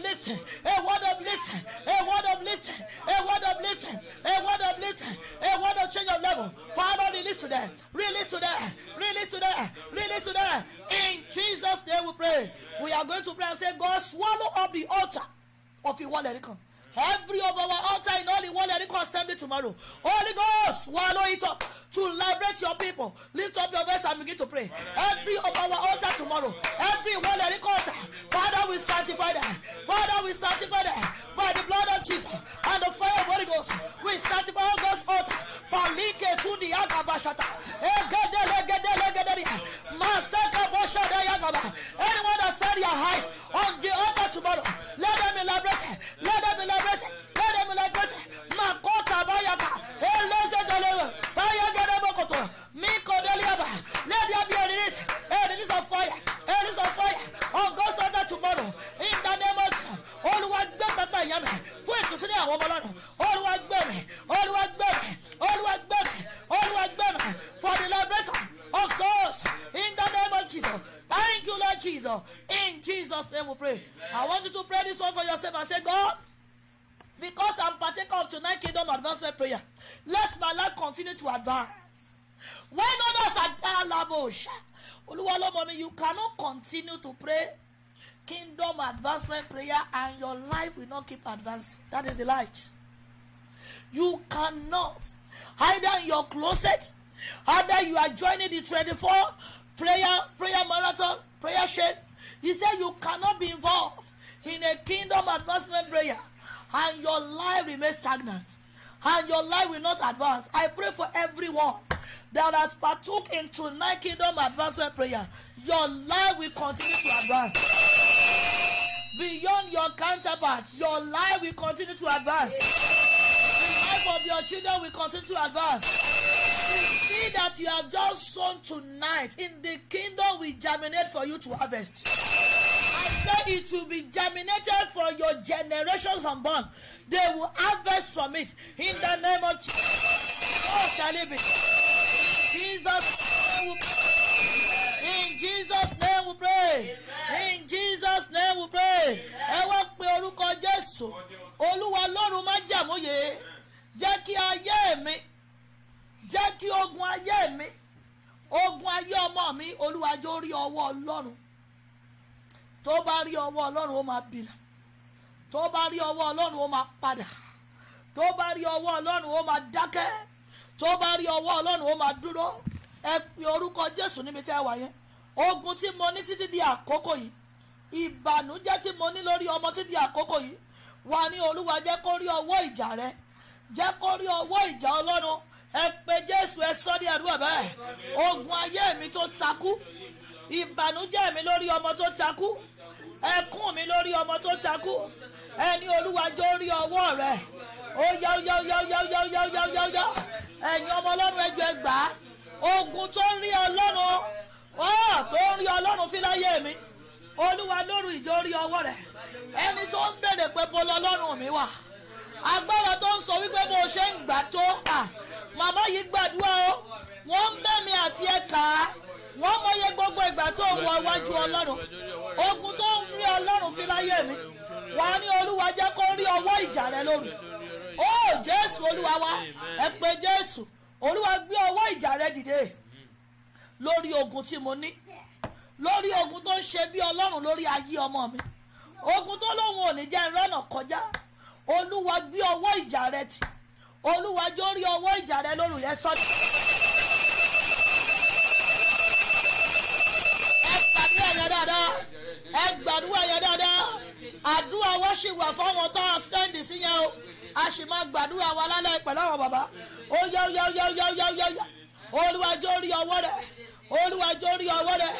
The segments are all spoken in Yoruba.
of lifting, a word of lifting, a word of lifting, a word of lifting, a word of lifting, a word of change of level. Father, release to them, release to them, release to them, release to them. In Jesus' name we pray. We are going to pray and say, God, swallow up the altar of your it Come every of our altar in all world, one and assembly tomorrow. Holy Ghost, swallow it up to liberate your people. Lift up your voice and begin to pray. Every of our altar tomorrow, every one and altar, Father, we sanctify that. Father, we sanctify that by the blood of Jesus and the fire of Holy Ghost. We sanctify all God's altar. Palike to the Agabashata. Anyone that set your eyes on the altar tomorrow, let them elaborate. Let them elaborate fire. fire. tomorrow. In the name of Jesus. All that I am. For it to see All All All All For the of souls. In the name of Jesus. Thank you, Lord Jesus. In Jesus' name we pray. I want you to pray this one for yourself and say, God. because I'm partaker of tonight kingdom advancement prayer. Let my life continue to advance. When others are down, Labosha, Oluwalomami, you cannot continue to pray kingdom advancement prayer and your life will not keep advancing. That is the light. You cannot. Either in your closet, either you are joining the twenty-four prayer, prayer marathon, prayer shed. He said you cannot be involved in a kingdom advancement prayer and your life remains stagnant and your life will not advance. I pray for everyone that has partook in tonight kingdom advancement prayer. Your life will continue to advance. Beyond your counterpart, your life will continue to advance. The life of your children will continue to advance. The seed that you have just sown tonight in the kingdom We germinate for you to harvest said it will be germinated for your generations and born, They will harvest from it in the name of Jesus. Oh, shall it be? Jesus in Jesus name we pray in Jesus name we pray ẹ wá pe orúkọ Jésù Olúwa lọ́run má jàmóye jẹ́ kí ayé mi jẹ́ kí ogun ayé mi ogun ayé ọmọ mi Olúwa jó rí ọwọ́ Ọlọ́run tó bá rí ọwọ́ ọlọ́run ó máa bìlà tó bá rí ọwọ́ ọlọ́run ó máa padà tó bá rí ọwọ́ ọlọ́run ó máa dákẹ́ tó bá rí ọwọ́ ọlọ́run ó máa dúró ẹ pe orúkọ jésù níbi tí a wà yẹn ogun tí mo ní títí di àkókò yìí ìbànújẹ́ tí mo ní lórí ọmọ títí di àkókò yìí wà ní olúwa jẹ́ kó rí ọwọ́ ìjà rẹ jẹ́ kó rí ọwọ́ ìjà ọlọ́run ẹ pe jésù ẹ sọ ní àdúrà bẹ́ẹ̀ ogun ayé mi tó takú ìbànújẹ́ mi lórí ọmọ tó takú ẹkún mi lórí ọmọ tó takú ẹni olúwàjọ rí ọwọ́ rẹ̀ ó yá yá yá yá yá yá yá yá yá ẹ̀yin ọmọ ọlọ́run ẹjọ́ ẹgbà ogun tó ń rí ọlọ́run ọ tó ń rí ọlọ́run fi láyé mi olúwa lóru ìjọ rí ọwọ́ rẹ̀ ẹni tó ń bèrè pé bọ́lá ọlọ́run mi wà agbára tó ń sọ wípé bó ṣe ń gbà tó màmá yìí gbàdúrà o wọ́n ń bẹ̀ mí àti ẹ̀ka wọ́n mọye gbogbo ìgbà tó ń wọ iwájú ọlọ́run ogun tó ń rí ọlọ́run fi láyé mi wà á ní olúwa jẹ́ kó rí ọwọ́ ìjà rẹ lórí ó jésù olúwa wa ẹ pé jésù olúwa gbé ọwọ́ ìjà rẹ dìde lórí ogun tí mo ní lórí ogun tó ń ṣe bí ọlọ́run lórí ayé ọmọ mi ogun tó lóun ò ní jẹ́ ìrọ́nà kọjá olúwa gbé ọwọ́ ìjà rẹ tì olúwa jó rí ọwọ́ ìjà rẹ lórí yẹn sọ́dọ̀. dáadáa ẹ gbàdúrà yẹn dáadáa àdúrà wa ṣì wà fáwọn tó ń sẹ́ndì sí yẹn o a sì máa gbàdúrà wa lálẹ́ pẹ̀lú àwọn bàbá ó yá yá yá yá yá yá yá olùwàjò rí ọwọ́ rẹ̀ olùwàjò rí ọwọ́ rẹ̀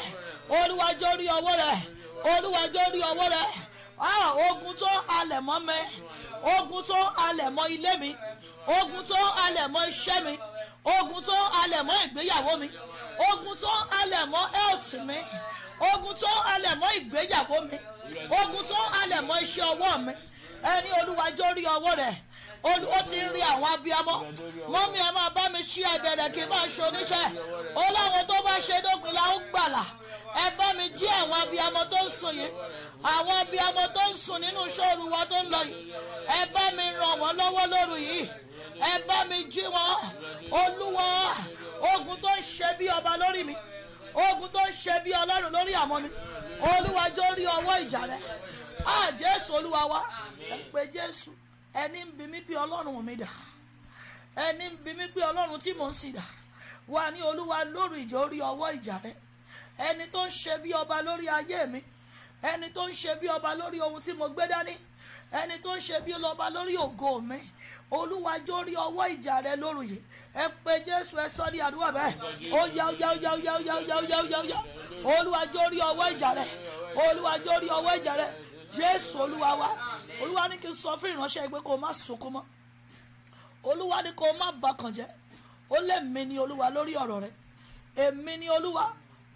olùwàjò rí ọwọ́ rẹ̀ olùwàjò rí ọwọ́ rẹ̀ ogun tó alẹ̀ mọ́ mi ogun tó alẹ̀ mọ́ ilé mi ogun tó alẹ̀ mọ́ iṣẹ́ mi ogun tó alẹ̀ mọ́ ìgbéyàwó mi ogun tó alẹ̀ mọ́ health mi ogun tó ń halẹ̀ mọ́ ìgbéyàwó mi ogun tó ń halẹ̀ mọ́ iṣẹ́ ọwọ́ mi ẹni olúwàjọ́ rí ọwọ́ rẹ̀ ó ti ń rí àwọn abiyamọ mọ́mí ẹ máa bá mi ṣí ẹ̀bẹ̀rẹ̀ kí n máa ṣe oníṣẹ́ ó láwọn tó bá ṣe dópin la ó gbàlà ẹ bá mi jí àwọn abiyamọ tó ń sùn yìí àwọn abiyamọ tó ń sùn nínú ṣóòru wa tó ń lọ yìí ẹ bá mi ràn wọ́n lọ́wọ́ lóru yìí ẹ bá mi jí wọn olúwa ogun tó ń ṣe bí ọba lórí mi ogun tó ń ṣe bí ọlọ́run lórí àmọ́ mi olúwa jọ rí ọwọ́ ìjà rẹ á jésù olúwa wá ẹ pé jésù ẹni ń bi mí pé ọlọ́run mi dà ẹni ń bi mí pé ọlọ́run tí mò ń sì dà wà ní olúwa lórí ìjọ rí ọwọ́ ìjà rẹ ẹni tó ń ṣe bí ọba lórí ayé mi ẹni tó ń ṣe bí ọba lórí ohun tí mo gbé dání ẹni tó ń ṣe bí ọba lórí ògo mi olúwa jó rí ọwọ́ ìjà rẹ lóru yìí ẹ pé jésù ẹ sọ ní àdúrà bẹ́ẹ̀ ó yá ó yá ó yá ó yá ó yá ó yá ó yá ó yá ó yá olúwa jó rí ọwọ́ ìjà rẹ olúwa jó rí ọwọ́ ìjà rẹ jésù olúwa wa olúwa ní kí n sọ fún ìránṣẹ́ pé kó má sunkún mọ́ olúwa ní kó má bàkàn jẹ́ ó lé mi ní olúwa lórí ọ̀rọ̀ rẹ èmi ní olúwa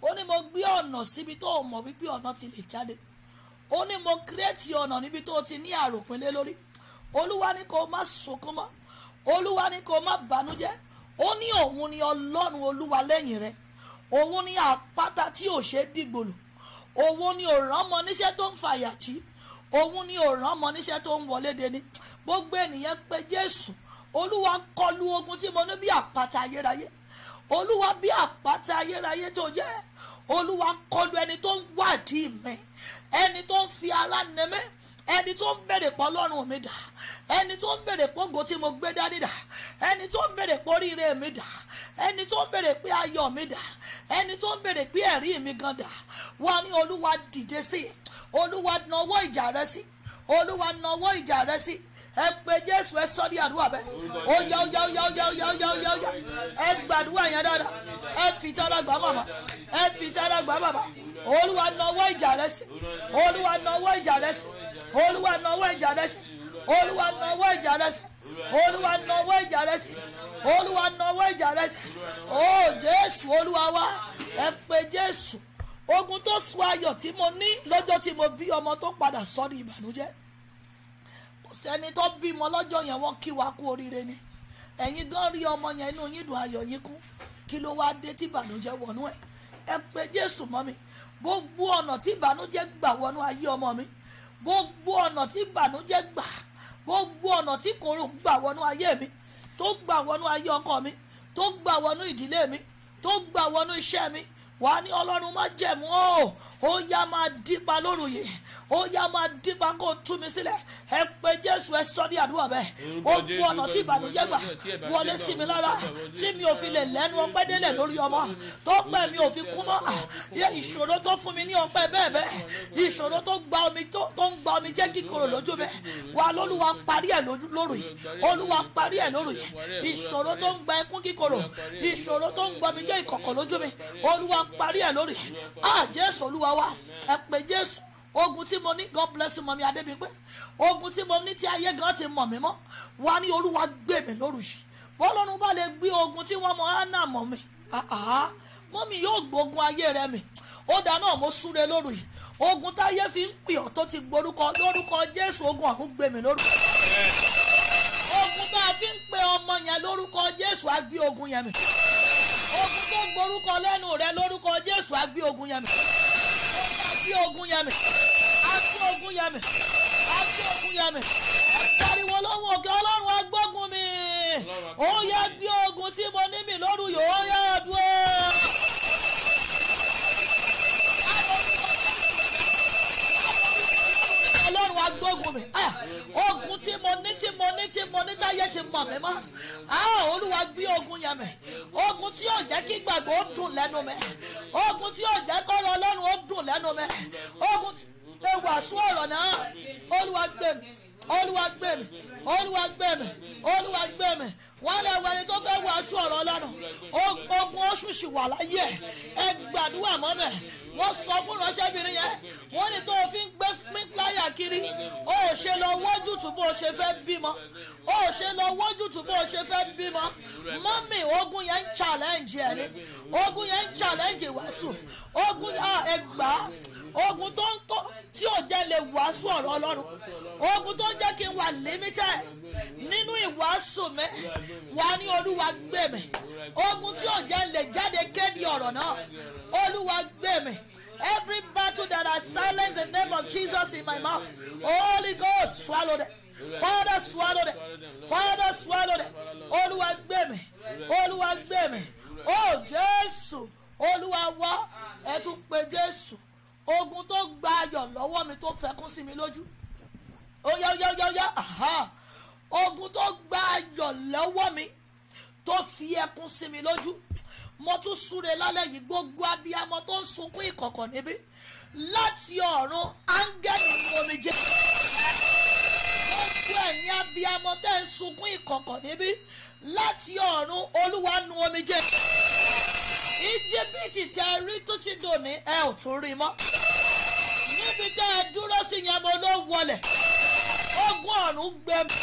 ó ní mo gbé ọ̀nà síbi tó mọ̀ wípé ọ̀nà ti lè jáde ó ní mo kírètì ọ̀nà níbi tó ti ní àròpin lé lórí olúwa ní kó má sunkún mọ́ olúwa ní kó má bànújẹ́ ó ní òun ni ọlọ́run olúwa lẹ́yìn rẹ òun ni àpáta tí ò ṣe dìgbòlù òun ni òrànmọ níṣẹ́ tó ń fàyà tí òun ni òrànmọ níṣẹ́ tó ń wọlé deni gbogbo ènìyàn pé jésù olúwa kọlu ogun tí mo ní bí àpáta ayérayé olúwa bí àpáta ayérayé tó jẹ́ olúwa kọlu ẹni tó ń wádìí mi ẹni tó ń fi ara nẹmẹ́ ẹni tó ń bèrè pọ̀ lọ́rùn mi dà ẹni tó ń bèrè pọ̀ ògo tí mo gbé dání dà ẹni tó ń bèrè pọ̀ oríire mi dà ẹni tó ń bèrè pé ayọ̀ mi dà ẹni tó ń bèrè pé ẹ̀rí mi gan dà wọ́n ní olúwa dìde sí olúwa nawọ́ ìjà rẹ sí olúwa nawọ́ ìjà rẹ sí ẹ pé jésù ẹ sọ ní àdúrà bẹ ó yá ó yá ó yá ó yá ó yá ó yá ó yá ó yá ẹ gbàdúrà yẹn dáadáa ẹ fi tára gbà bàbà ẹ fi tára gbà bàbà olúwa nawọ́ ìjà rẹ sí olúwa nawọ́ ìjà rẹ sí olúwa nawọ́ ìjà rẹ sí olúwa nawọ́ ìjà rẹ sí olúwa nawọ́ ìjà rẹ sí olúwa nawọ́ ìjà rẹ sí ó jésù olúwa wa ẹ pé jésù ogun tó sọ ayọ̀ tí mo ní lọ́jọ́ tí mo bí ọmọ tó padà sọ́ni ìbànújẹ́ kò sẹ́ni tó bímọ lọ́jọ́ yẹn wọ́n kí wa kú oríire ni ẹ̀yin gan rí ọmọ yẹn inú yín dùn ayọ̀ yín kú kí ló wá dé tí ìbànújẹ́ wọnú ẹ̀ ẹ pé jésù mọ́ mi gbogbo ọ̀nà tí ìbànújẹ́ gbà wọnú ayé ọmọ mi gbogbo ọ̀nà tí ìbànújẹ́ gbà gbogbo ọ̀nà tí kòrò gbà wọnú ayé mi tó gbà wọnú ayé ọkọ mi tó gbà wọnú ìdílé mi tó gbà wọnú iṣẹ́ mi wà ní ọlọ́run má jẹ̀mú ó ó yá máa dípa lóru yìí ó yá máa dípa kó tú mi sílẹ̀ ẹ pé jésù ẹ sọ ní àdúrà bẹ́ẹ̀ ó kú ọ̀nà tí ìbànújẹ́ gbà wọlé sí mi lára tí mi ò fi lè lẹ́nu ọpẹ́ délẹ̀ lórí ọmọ tó pẹ́ mi ò fi kú mọ́ ìṣòro tó fún mi ní ọpẹ́ bẹ́ẹ̀ bẹ́ẹ̀ ìṣòro tó gba omi tó ń gba omi jẹ́ kíkorò lójú mi wà lólúwa parí ẹ̀ lóru yìí olúwa parí ẹ̀ lóru yìí ìṣòro tó ń gba ẹkún kíkorò ìṣòro tó ń gba omi jẹ́ ìkọ̀kọ̀ lójú mi olúwa parí ẹ̀ lóru yìí ah, jésù olúwa wa ẹ pé jésù ogun tí mo ní god bless you mọ̀mí adébíyẹ̀pẹ̀ ogun tí mo ní tí ayé gan ti mọ̀ mí mọ́ wá ní olúwa gbé mi lóru yìí bọ́lọ́run bá lè gbé ogun tí wọ́n mọ hánà mọ̀ mi mọ́mí yóò gbógun ayé rẹ mi ó dáná mo súre lóru yìí ogun táyé fi ń pè ọ́ tó ti gborúkọ lórúkọ jésù ogun ọ̀hún gbé mi lóru ogun tá a fi ń pe ọmọ yẹn lórúkọ jésù á gbé ogun yẹn mi ogun tó gborúkọ lẹ́nu rẹ lórúkọ jésù á gbé ogun yẹn mi gbé ogun yẹn mi a gbé ogun yẹn mi a gbé ogun yẹn mi pariwo lóhùn òkè ọlọ́run agbógun mi ó yá gbé ogun tí mo ní mi lóru yòó yá dúró. mi ah, ogun tí mo ní tí mo ní tí mo ní táyé ti mọ̀ mi mọ́ ah, olúwa gbé ogun yẹn mi ogun tí yóò jẹ́ kí gbàgbọ́ ó dùn lẹ́nu mi ogun tí yóò jẹ́ kọ́rọ̀ ọlọ́run ó dùn lẹ́nu mi ogun tí ewu àsú ọ̀rọ̀ náà olúwa gbé mi olúwa gbẹ̀mí olúwa gbẹ̀mí olúwa gbẹ̀mí wọn lè wọ ẹni tó fẹ́ wàásù ọ̀rọ̀ lọ́nà ogun oṣù sì wà láyé ẹ gbàdúrà mọ́mẹ́ wọ́n sọ fún ránṣẹ́bìnrin yẹn wọ́n ní tó o fi ń gbé fúláyà kiri o ò ṣe lọ wójú tù bó o ṣe fẹ́ bímọ o ò ṣe lọ wójú tù bó o ṣe fẹ́ bímọ mọ́mì ogun yẹn ń challenge ẹ̀ ni ogun yẹn ń challenge ìwàásù ogun ẹ gbàá ogun tó ń kó tí ò jẹ́ lè wàásù ọ̀rọ̀ ọlọ́run ogun tó ń jẹ́ kí n wà limited nínú ìwàásù mi wà ní olúwa gbé mi ogun tí ò jẹ́ lè jáde kéde ọ̀rọ̀ náà olúwa gbé mi. Every battle that has silenced the name of Jesus in my mouth, Holy Ghost, swallow them. Father, swallow them. Father, swallow them. Olúwa gbé mi. Olúwa gbé mi. Oh, Jésù. Olúwa wá. Ẹ tún pe Jésù ogun tó gba ayọ̀ lọ́wọ́ mi tó fẹkún sí mi lójú ó yá yá yá yá ogun tó gba ayọ̀ lọ́wọ́ mi tó fi ẹkún sí mi lójú mo tún súre lálẹ́ yìí gbogbo abiyamọ tó ń sunkún ìkọ̀kọ̀ níbí láti ọ̀run áńgẹ́lì omijé gbogbo ẹ̀yin abiyamọ tẹ́ ń sunkún ìkọ̀kọ̀ níbí láti ọ̀run olúwa nu omijé íjíbítì tẹ rí tó ti dòní ẹ ò tún rí mọ́ níbi tẹ́ ẹ dúró sí yẹn mo ló wọlẹ̀ ogun ọ̀run gbẹ mi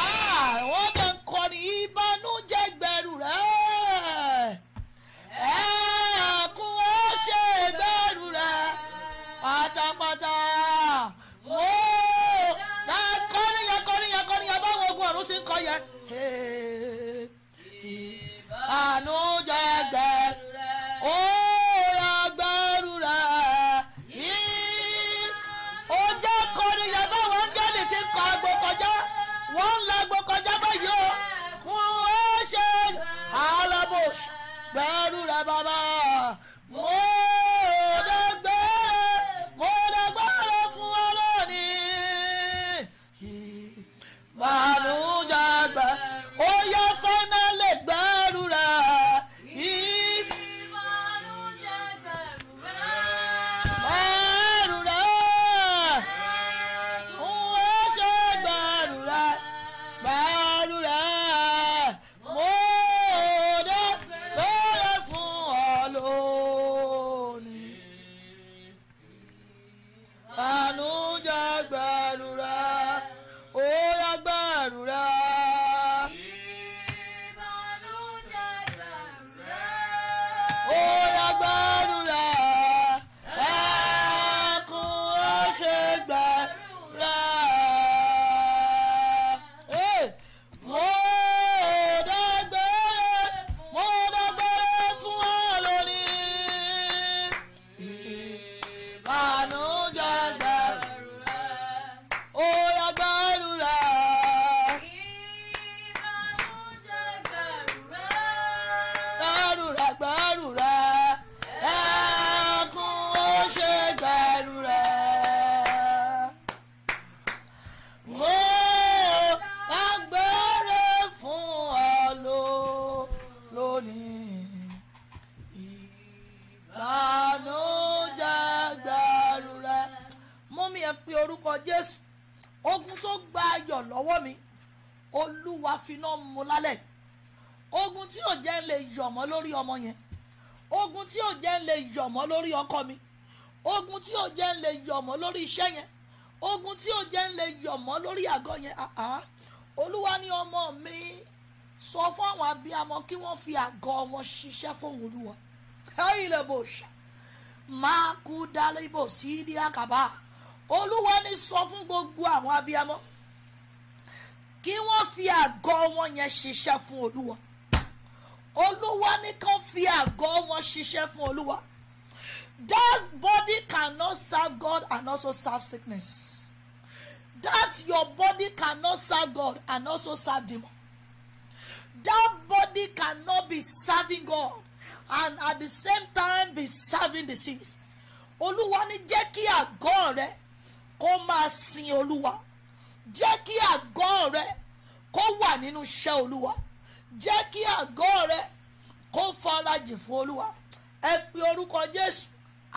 ah, wọ́n bẹ̀ ń kọrin ìbànújẹ́ gbẹrù rẹ̀ ẹ̀ẹ́kún ó ṣe gbẹrù rẹ̀ pátápátá ó kọrin yẹn kọrin yẹn kọrin yẹn ogun ọ̀run sì ń kọ yẹn ìbànújẹ́. ba ba ba bànújẹ́ gbẹrù rẹ mú mi ẹ pé orúkọ jésù ogun tó gba ayọ̀ lọ́wọ́ mi olúwa finá mu lálẹ́ ogun tí ò jẹ́ ń lè yọ̀mọ́ lórí ọmọ yẹn ogun tí ò jẹ́ ń lè yọ̀mọ́ lórí ọkọ mi ogun tí ò jẹ́ ń lè yọ̀mọ́ lórí iṣẹ́ yẹn ogun tí ò jẹ́ ń lè yọ̀mọ́ lórí àgọ́ yẹn àá olúwa ní ọmọ mi sọ fún àwọn abiyamọ kí wọ́n fi àgọ́ wọn ṣiṣẹ́ fún olúwa máa ma dálé ibò sí ní akaba. olúwa ni sọ fún gbogbo àwọn abiyamọ kí wọ́n fi àgọ́ wọn yẹn ṣiṣẹ́ fún olúwa olúwa ní kàn fi àgọ́ wọn ṣiṣẹ́ fún olúwa that body cannot serve God and also serve sickness that your body cannot serve God and also serve demon that body cannot be serving God and at the same time be serving the sick olúwa ní jẹ́ kí àgọ́ rẹ kó máa sin olúwa jẹ́ kí àgọ́ rẹ kó wà nínú iṣẹ́ olúwa jẹ́ kí àgọ́ rẹ kó farajìn fún olúwa ẹ pe orúkọ jésù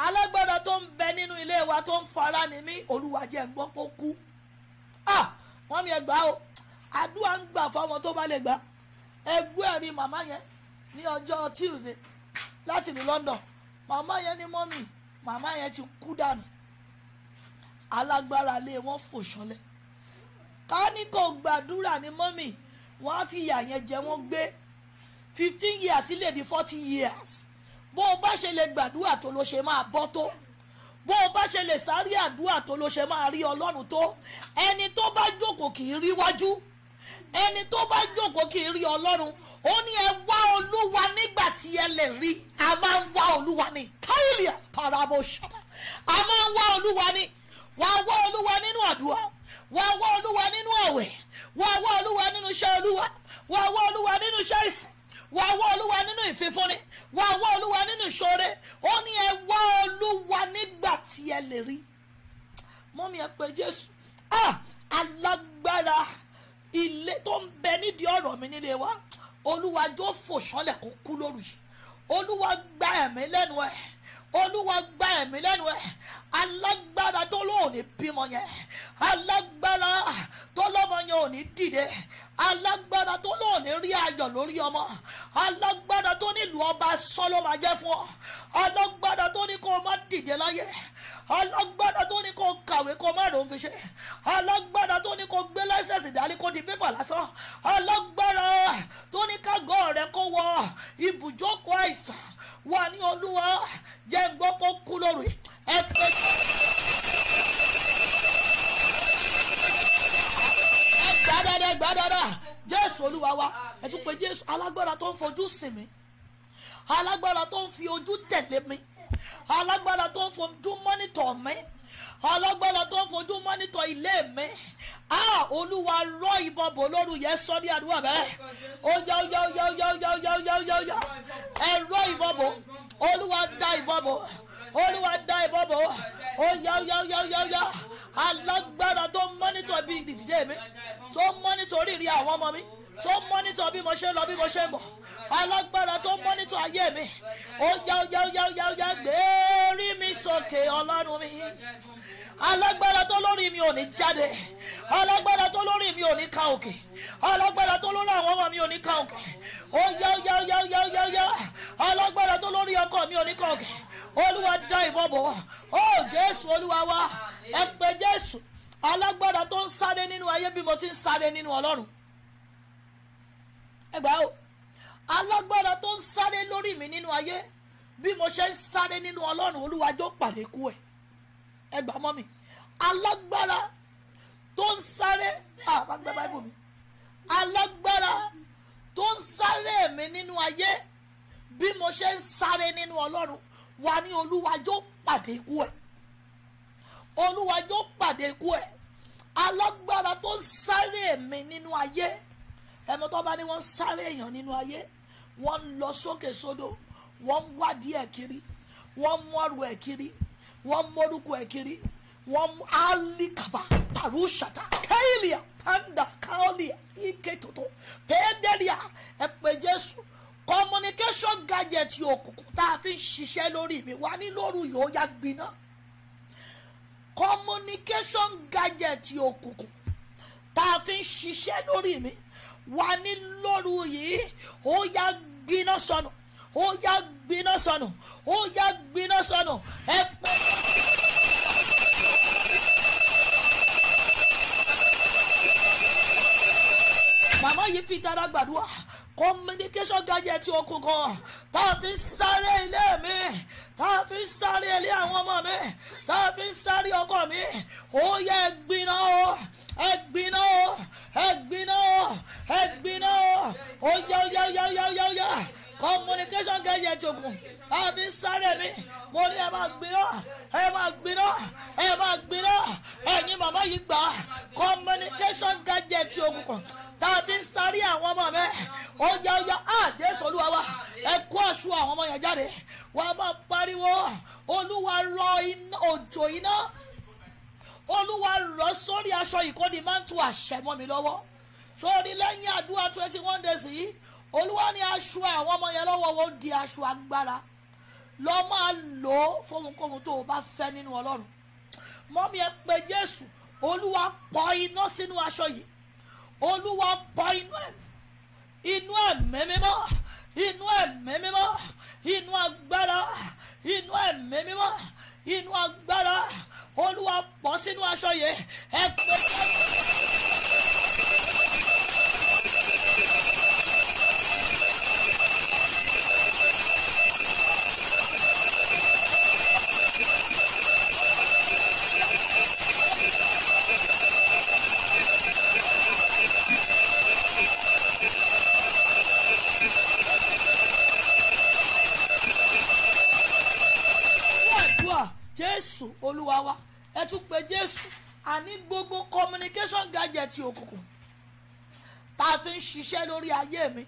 alágbára tó ń bẹ nínú ilé wa tó ń fara ni mí olúwa jẹ́ ń gbọ́ kó kú ah wọ́n mi ẹ gbà o àdúrà ń gbà fáwọn tó bá lè gbà ẹgbẹ́ rí màmá yẹn ní ọjọ́ tuesday láti ìlú London màmá yẹn ní mọ́mì màmá yẹn ti kú dànù alágbára lé wọn fò ṣọlẹ̀ ká ní kò gbàdúrà ní mọ́mì wọ́n á fi ìyà yẹn jẹ wọ́n gbé fifteen years ilé di forty years bó o bá ṣe lè gbàdúrà tó ló ṣe máa bọ́ tó bó o bá ṣe lè sáré àdúrà tó ló ṣe máa rí ọlọ́run tó ẹni tó bá jókòó kì í ríwájú ẹni tó bá jókòó kì í rí ọlọ́run ó ní ẹ wá olúwa nígbà tí ẹ lè rí a máa ń wá olúwa ní káyìlìà parabo ṣọdá a máa ń wá olúwa ní wà á wá olúwa nínú àdúrà wà á wá olúwa nínú àwẹ̀ wà á wá olúwa nínú iṣẹ́ olúwa wà á wá olúwa nínú iṣẹ́ ìsìn wà á wá olúwa nínú ìfífúnni wà á wá olúwa nínú ìṣòro ó ní ẹ wá olúwa nígbà tí ẹ lè rí mọ́mí ẹ pé jésù alágbára. Ah, ilé tó ń bẹ nídìí ọ̀rọ̀ mi nílé wa olúwa jó fò sánlẹ̀ kó kú lóru yìí olúwa gba ẹ̀mí lẹ́nu ẹ̀ olúwa gba ẹ̀mí lẹ́nu ẹ̀ alágbára tó lóun ní bímọ yẹn alágbára tó lọ́mọ yẹn ò ní dìde alágbára tó lò ní rí ayọ̀ lórí ọmọ alágbára tó nílùú ọba sọ ló máa jẹ́ fún ọ alágbára tó ní kó o má dìde láyé alágbára tó ní kó o kàwé kó o má ròó fi ṣe alágbára tó ní kó o gbé láìsẹ̀sì dání kó di pépà lásán alágbára tó ní kágọ́ rẹ kó wọ ibùjókòó àìsàn wà ní olúwa jẹ́ ń gbọ́ kó kú lórí ẹ pé. gbàdàdà gbàdàdà jésù olúwa wa ẹ tún pé jésù alágbára tó ń fojú sìn mí alágbára tó ń fi ojú tẹ̀lé mi alágbára tó ń fojú mọ́nítọ̀ mi alágbára tó ń fojú mọ́nítọ̀ ilé mi a olúwa rọ ìbọn bò lóru yẹn sọ ní àdúrà bẹ́ẹ̀ ó yá ó yá ó yá ó yá ó yá ó yá ó ẹ rọ ìbọn bò olúwa da ìbọn bò olúwa dá ìbọn bò ó yá yá yá yá yá alágbára tó mọ́nítọ̀ bí ìdílé mi tó mọ́nítọ̀ oríire àwọn ọmọ mi tó mọ́nítọ̀ bí mo ṣe ń lọ bí mo ṣe ń bọ̀ alágbára tó mọ́nítọ̀ ayé mi ó yá yá yá yá yá gbérí mi sókè ọlọ́run mi alágbára tó lórí mi ò ní jáde alágbára tó lórí mi ò ní ka òkè alágbára tó lórí àwọn ọmọ mi ò ní ka òkè ó yá yá yá yá yá alágbára tó lórí ọkọ mi ò ní ka òkè olúwa dá ìbọn bọ̀ wá ó jésù olúwa wá ẹ pé jésù alágbára tó ń sáré nínú ayé bí mo ti ń sáré nínú ọlọ́run ẹ gbà ó alágbára tó ń sáré lórí mi nínú ayé bí mo ṣe ń sáré nínú ọlọ́run olúwa jó pàdé kú ẹ ẹ gbà mọ́ mi alágbára tó ń sáré àbágbá báìbù mi alágbára tó ń sáré mi nínú ayé bí mo ṣe ń sáré nínú ọlọ́run wà ní olúwa yóò pàdé ikú ẹ̀ olúwa yóò pàdé ikú ẹ̀ alágbára tó ń sáré èmi nínú ayé ẹ̀mọ́ tó bá ní wọ́n ń sáré èèyàn nínú ayé wọ́n ń lọ sókè sódò wọ́n ń wádìí ẹ̀ kiri wọ́n ń mọ́rù ẹ̀ kiri wọ́n ń mọ́rùkù ẹ̀ kiri wọ́n ń alikaba parushata kailia panda kaolia ike toto pẹ́ẹ́dẹ́rìà ẹ pé Jésù communication gadget òkùnkùn tá a fi ń ṣiṣẹ́ lórí mi wá ní lóru yóò yá gbiná communication gadget òkùnkùn tá a fi ń ṣiṣẹ́ lórí mi wà ní lóru yìí ó yá gbiná sọnù ó yá gbiná sọnù ó yá gbiná sọnù ẹ pẹ́. màmá yìí fi tara gbàdúrà communication gadget okun kan tá a fi ń sáré ilé mi tá a fi ń sáré ilé àwọn ọmọ mi tá a fi ń sáré ọkọ mi ó yẹ gbiná o ẹ gbiná o ẹ gbiná o ẹ gbiná o ó yá ó yá ó yá ó yá ó yá ó yá communication gadget okun tá a fi ń sáré mi mo ní ẹ máa gbiná ẹ máa gbiná ẹ máa gbiná ẹ̀yin màmá yìí gbà á létí ogun kan tá a fi ń sáré àwọn ọmọ mẹ ọjà ọjà á jésù olúwa wa ẹ kó aṣọ àwọn ọmọ yẹn jáde wàá máa pariwo olúwa rọ òjò iná olúwa rọ sórí aṣọ ìkọ́ni máa ń tu àṣẹ mọ́ mi lọ́wọ́ sórí lẹ́yìn àdúrà twenty one days yìí olúwa ní aṣọ àwọn ọmọ yẹn lọ́wọ́ wọn di aṣọ agbára lọ́ máa lò ó fóhunkóhun tó o bá fẹ́ nínú ọlọ́run mọ́mí ẹ pé jésù olúwa pọ̀ iná sínú aṣọ yìí olúwa bọ inú ẹ̀ inú ẹ̀mí mímọ́ inú ẹ̀mí mímọ́ inú agbára inú ẹ̀mí mímọ́ inú agbára olúwa bọ sínú aṣọ yẹn ẹ pé. wa ẹ tún pe jésù àní gbogbo communication gadget òkùnkùn tá a fi ń ṣiṣẹ́ lórí ayé mi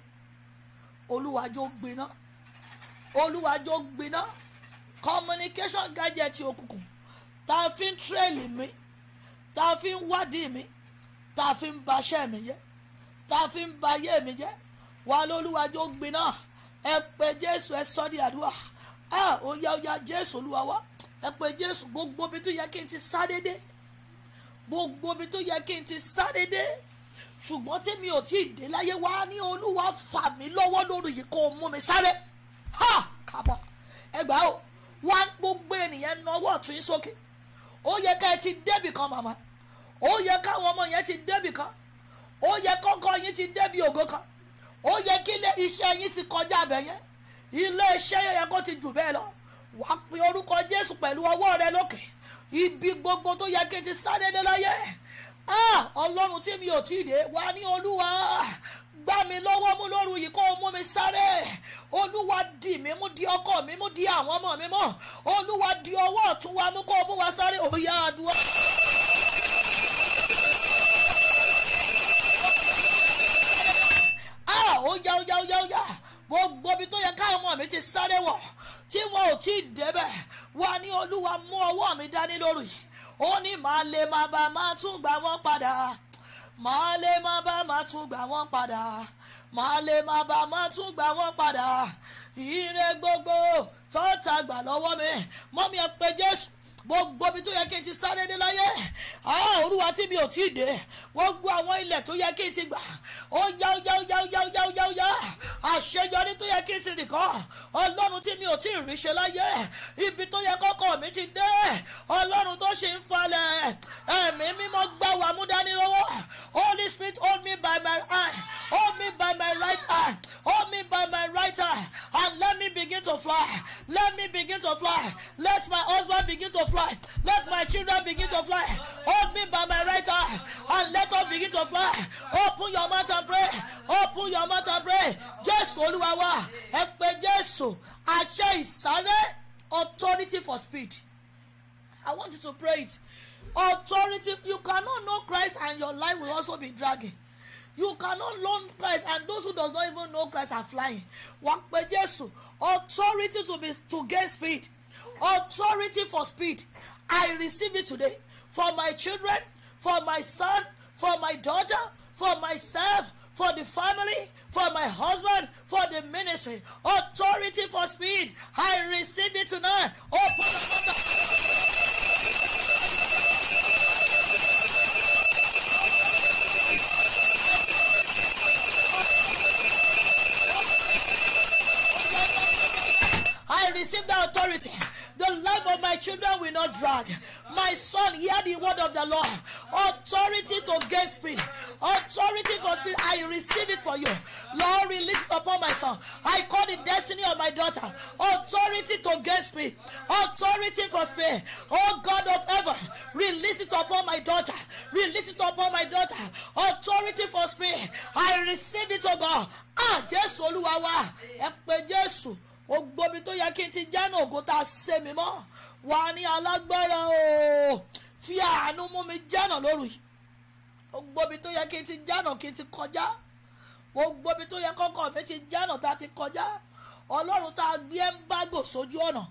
olúwàjò gbiná olúwàjò gbiná communication gadget òkùnkùn tá a fi ń tírèlì mi tá a fi ń wádìí mi tá a fi ń baṣẹ́ mi jẹ́ tá a fi ń bayé mi jẹ́ wà lólúwàjò gbiná ẹ pe jésù ẹ sọ́ di àdúrà ẹ ó yá ó jésù olúwa wá ẹ pé jésù gbogbo ibi tó yẹ kí n ti sáré dé gbogbo ibi tó yẹ kí n ti sáré dé ṣùgbọ́n tí mi ò tí ì dé láyé wá ní olúwa fà mí lọ́wọ́ lórí yìí kó mú mi sáré ha kábọ̀ ẹ gbà ó wá gbogbo ènìyàn nawọ́ ọ̀tún sókè ó yẹ ká ẹ ti débì kan màmá ó yẹ káwọn ọmọ yẹn ti débì kan ó yẹ kọ́kọ́ yín ti débì ògo kan ó yẹ kí iṣẹ́ yín ti kọjá abẹ yẹn ilé iṣẹ́ yẹn kó ti jù bẹ́ẹ̀ lọ wàá pe orúkọ jésù pẹ̀lú ọwọ́ rẹ lókè ibi gbogbo tó yẹ kí n ti sáré dé láyé ọlọ́run tí mi ò tí ì dé wà ní olúwa gbá mi lọ́wọ́ mú lóru yìí kó o mú mi sáré olúwa dì mí mú di ọkọ mi mú di àwọn ọmọ mi mọ́ olúwa di ọwọ́ ọ̀tún wa mú kó o mú wa sáré òòyà àdúrà. ó yá ó yá ó yá ó yá gbogbo ibi tó yẹ káwọn ọmọ mi ti sáré wọ̀ tí wọn ò tí ì débẹ̀ wá ní olúwa mú ọwọ́ mi dání lóru yìí ó ní màá lè má bá máa tún gbà wọ́n padà màá lè má bá máa tún gbà wọ́n padà màá lè má bá máa tún gbà wọ́n padà ire gbogbo tó ta lọ́wọ́ mi mọ́mí ẹ pé jésù gbogbo ibi tó yẹ kí n ti sáré dé láyé olúwa tí mi ò tí ì dé gbogbo àwọn ilẹ̀ tó yẹ kí n ti gbà ó yá ó yá ó yá ó yá ó yá ó yá ó yá àṣeyọrí tó yẹ kí n ti nìkan ọlọ́run tí mi ò tí ì rí ṣe láyé ibi tó yẹ kọ́kọ́ mi ti dé ọlọ́run tó ṣe ń falẹ̀ ẹ̀mí mímọ́ gbá wa mú holy spirit hold me by my eye hold me by my right eye hold me by my right eye and let me begin to fly let me begin to fly let my husband begin to fly. fly. Let my children begin to fly. Hold me by my right hand and let us begin to fly. Open your mouth and pray. Open your mouth and pray. Jesus, Olúwawa ẹ pé Jésù ìsáré authority for speed. I want you to pray it. Authority you cannot know Christ and your life will also be dragging. you cannot learn Christ and those who does not even know Christ are flying. Walk by Jesus. authority to be to gain speed authority for speed. I receive it today for my children, for my son, for my daughter, for myself, for the family, for my husband, for the ministry. Authority for speed. I receive it tonight. Oh, I receive the authority. The life of my children will not drag. My son, hear the word of the Lord. Authority to gain speed. Authority for speed. I receive it for you. Lord, release it upon my son. I call the destiny of my daughter. Authority to gain speed. Authority for speed. Oh God of heaven, release it upon my daughter. Release it upon my daughter. Authority for speed. I receive it, oh God. Ah, Jesus, Oluwawa. Jesus. gbogbo ibi tó yẹ kí n ti jẹ́nu ògo tá a ṣe mi mọ́ wà ní alágbára o fi àánú mú mi jẹ́nà lóru yìí gbogbo ibi tó yẹ kí n ti jẹ́nà kí n ti kọjá gbogbo ibi tó yẹ kọ́kọ́ mi ti jẹ́nà tá a ti kọjá ọlọ́run tá a gbé ẹ́ ń bá gbò sójú ọ̀nà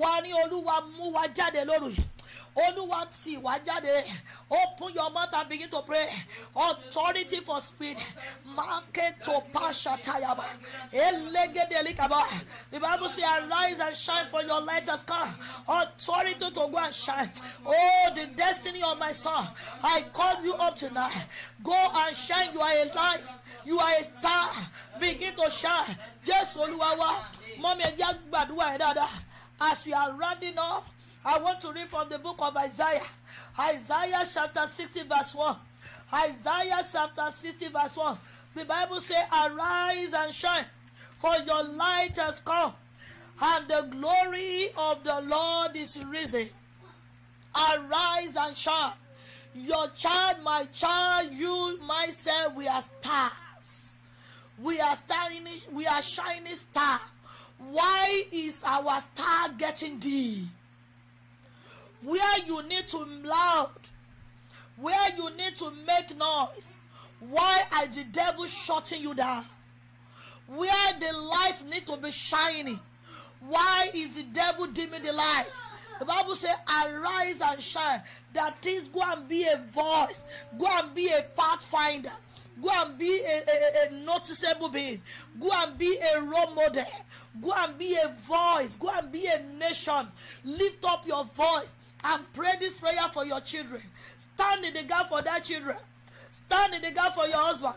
wà ní olúwa mú wa jáde lóru yìí Olúwa tì wá jáde open your mouth and begin to pray authority for speed market maketo pasha tayaba elegedelikaba the bible say arise and shine for your light has come authority to go and shine oh the destiny of my son I call you up tonight go and shine you are a light you are a star begin to shine just Olúwa wa Mommy, ẹ̀jẹ̀ gbàdúrà as we are running up. I want to read from the book of Isaiah. Isaiah chapter 60, verse 1. Isaiah chapter 60, verse 1. The Bible says, Arise and shine, for your light has come, and the glory of the Lord is risen. Arise and shine. Your child, my child, you, myself, we are stars. We are shining, we are shining star. Why is our star getting dim? where you need to loud where you need to make noise why are the devil shutting you down where the light need to be shining why is the devil dimming the light the bible say arise and shine that things go and be a voice go and be a pathfinder go and be a, a, a noticeable being go and be a role model go and be a voice go and be a nation lift up your voice and pray this prayer for your children. Stand in the gap for their children. Stand in the gap for your husband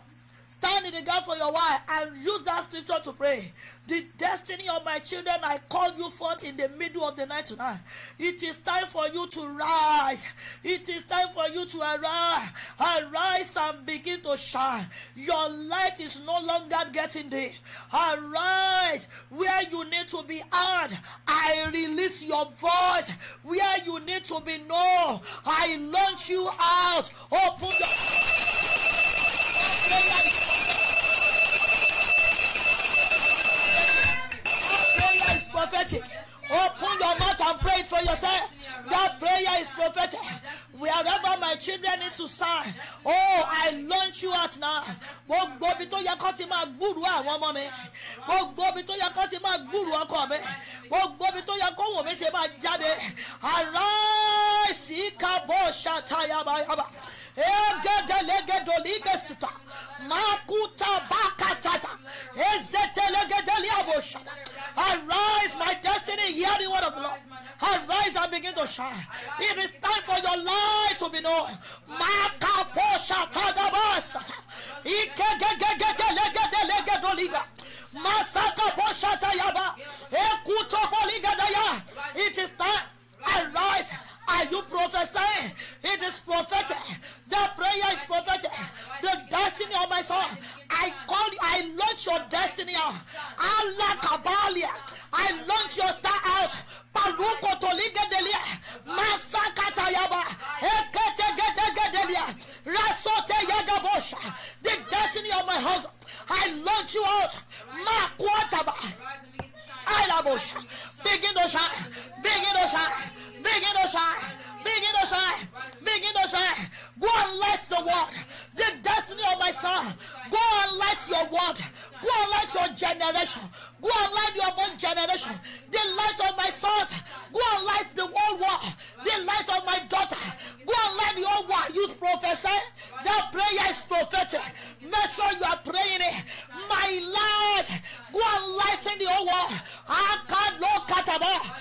stand in the gap for your wife and use that scripture to pray. The destiny of my children, I call you forth in the middle of the night tonight. It is time for you to rise. It is time for you to arise. Arise and begin to shine. Your light is no longer getting dim. Arise where you need to be heard. I release your voice where you need to be known. I launch you out. Open the. right now gbogbo ibi tó yẹ kó ti máa gbúrú àwọn ọmọ mi gbogbo ibi tó yẹ kó ti máa gbúrú ọkọ mi gbogbo ibi tó yẹ kó wò mí ti máa jáde aláìsí kábọ̀ ṣàtàyàbáyàbá ẹ̀ẹ́dẹ̀ẹ́dẹ̀ Makuta bakatata. Arise, my destiny, hear the word of the Lord. Arise and begin to shine. It is time for your light to be known. Makaposha kadabasata. Ikegegegegelegedoliga. Masaka poshata yaba. Ekuto poligadaya. It is time. Arise. Are you prophesying? It is prophetic. The prayer is prophetic. The destiny of my soul. I call you, I launch your destiny out. Allah I launch your star out. Paluko Toliga Delia. Masakatayaba. Hekete Gedelia. Rasote Yagabosha. The destiny of my husband. I launch you out. Makwataba. ¡Ay, la voz, venga, dos a, venga, dos a, venga, dos a. Being in the shine, being in the shine. Go and light the world. The destiny of my son. Go and light your world. Go and light your generation. Go and light your own generation. The light of my sons. Go and light the world. world. The light of my daughter. Go and light your world. You prophesy. That prayer is prophetic. Make sure you are praying it. My Lord, go and lighten the whole world. I can't look at about.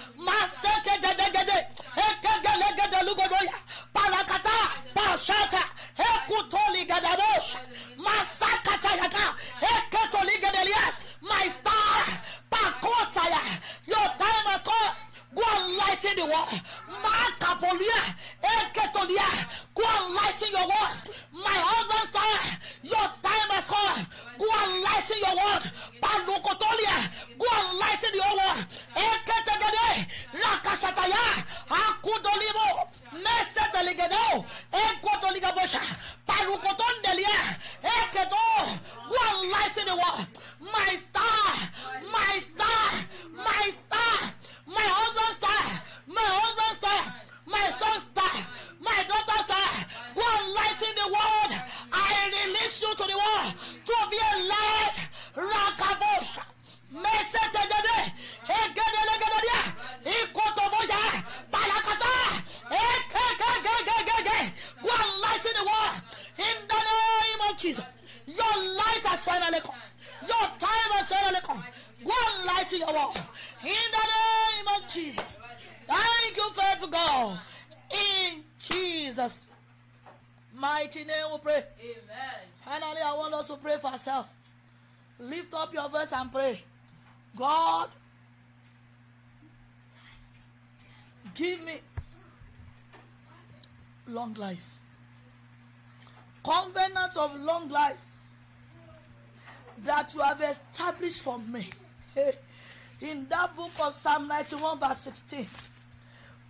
twenty-one verse sixteen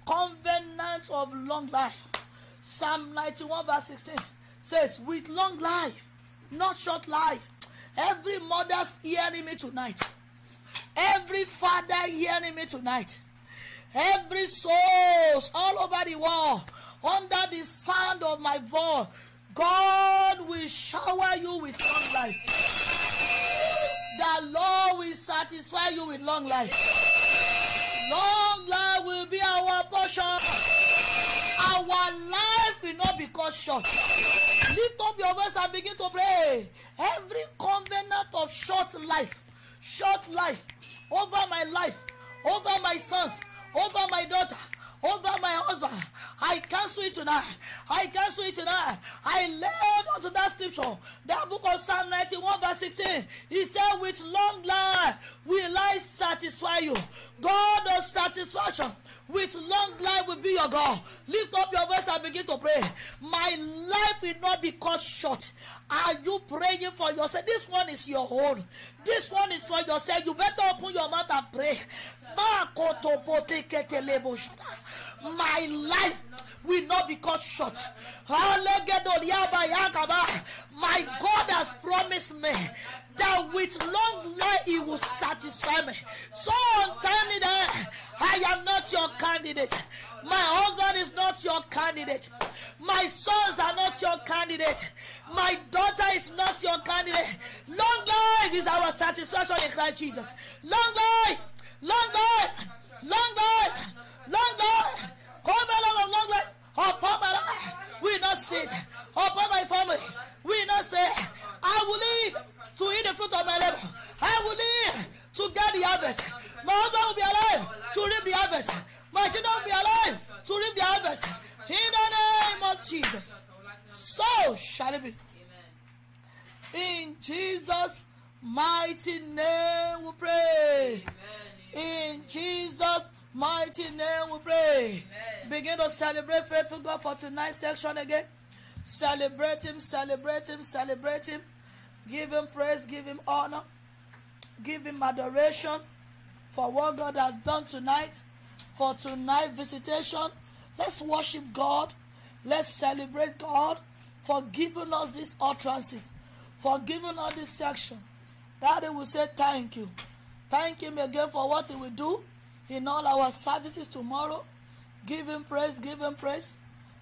covenant of long life psalm ninety-one verse sixteen says with long life not short life every mother's hearing me tonight every father hearing me tonight every soul all over the world under the sound of my voice God will shower you with long life the Lord will satisfy you with long life Long life will be our portion. Our life will not be cut short. Lift up your voice and begin to pray. Every covenant of short life, short life, over my life, over my sons, over my daughter, over my husband. I cancel it tonight. I cancel it tonight. I led onto that scripture, that book of Psalm 91, verse 16. He said, With long life will I satisfy you. God of satisfaction with long life will be your God. Lift up your voice and begin to pray. My life will not be cut short. Are you praying for yourself? This one is your own. This one is for yourself. You better open your mouth and pray. My life will not be cut short. My God has promised me that with long life He will satisfy me. So tell me that I am not your candidate. My husband is not your candidate. My sons are not your candidate. My daughter is not your candidate. Long life is our satisfaction in Christ Jesus. Long life. Long life, long life, long life. Come along, long life. Upon my life, we not sit. Upon my family, we not say, I will live to eat the fruit of my labor. I will live to get the harvest. My husband will be alive to reap the harvest. My children will be alive to reap the harvest. In the name of Jesus. So shall it be. In Jesus' mighty name we pray. Amen. In Jesus' mighty name we pray. Amen. Begin to celebrate faithful God for tonight's section again. Celebrate Him, celebrate Him, celebrate Him. Give Him praise, give Him honor, give Him adoration for what God has done tonight, for tonight's visitation. Let's worship God. Let's celebrate God for giving us these utterances, for giving us this section. Daddy will say thank you. Thank Him again for what He will do in all our services tomorrow. Give Him praise, give Him praise.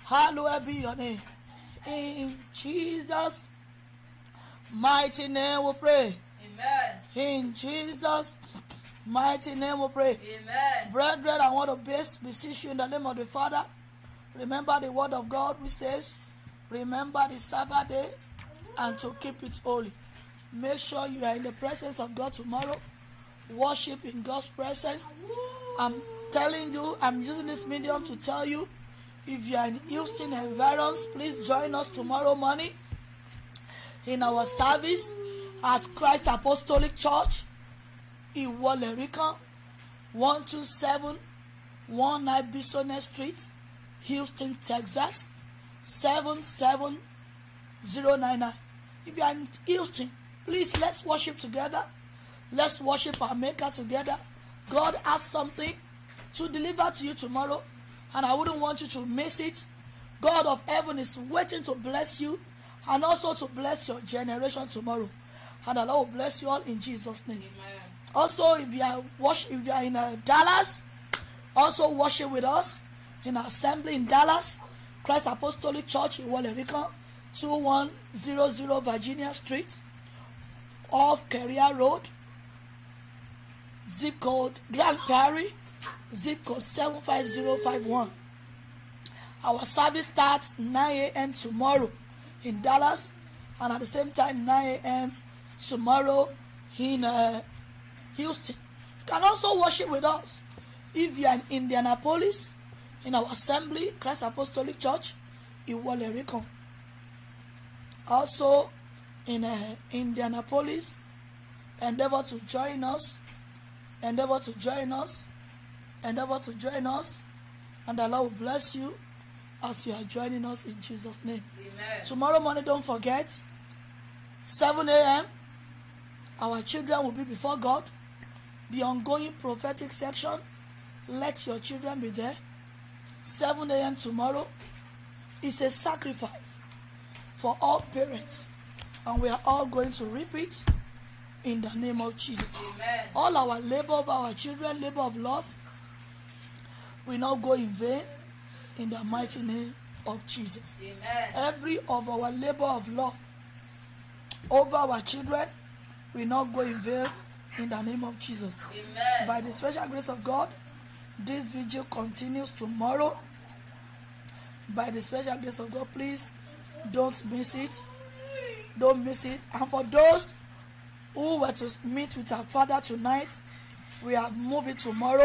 Hallowed be your name. In Jesus' mighty name we pray. Amen. In Jesus' mighty name we pray. Amen. Brethren, I want to base, beseech you in the name of the Father. Remember the word of God which says, Remember the Sabbath day and to keep it holy. Make sure you are in the presence of God tomorrow worship in God's presence. I'm telling you, I'm using this medium to tell you if you are in Houston and environs, please join us tomorrow morning in our service at Christ Apostolic Church, Iwalerikan, 127 19 Bisonet Street, Houston, Texas, 77099. If you are in Houston, please let's worship together. Let's worship our Maker together. God has something to deliver to you tomorrow, and I wouldn't want you to miss it. God of heaven is waiting to bless you and also to bless your generation tomorrow. And the Lord will bless you all in Jesus' name. Amen. Also, if you are wash, if you are in uh, Dallas, also worship with us in our assembly in Dallas, Christ Apostolic Church in Wallerica, 2100 Virginia Street, off Career Road zip code Grand Prairie, zip code seven five five zero one. Our service starts nine a.m. tomorrow in Dallas and at the same time nine a.m. tomorrow in uh, Houston. You can also worship with us if you are in Indianapolis in our assembly, Christ Apostolic Church, Iwole Rico. Also in uh, Indianapolis, endeavor to join us endeavor to join us. Endeavor to join us. And the Lord will bless you as you are joining us in Jesus' name. Amen. Tomorrow morning, don't forget, 7 a.m., our children will be before God. The ongoing prophetic section, let your children be there. 7 a.m. tomorrow is a sacrifice for all parents, and we are all going to repeat. it in the name of Jesus. Amen. All our labor of our children, labor of love, will not go in vain in the mighty name of Jesus. Amen. Every of our labor of love over our children will not go in vain in the name of Jesus. Amen. By the special grace of God, this video continues tomorrow. By the special grace of God, please don't miss it. Don't miss it. And for those who were to meet with her father tonight, we have moved it tomorrow.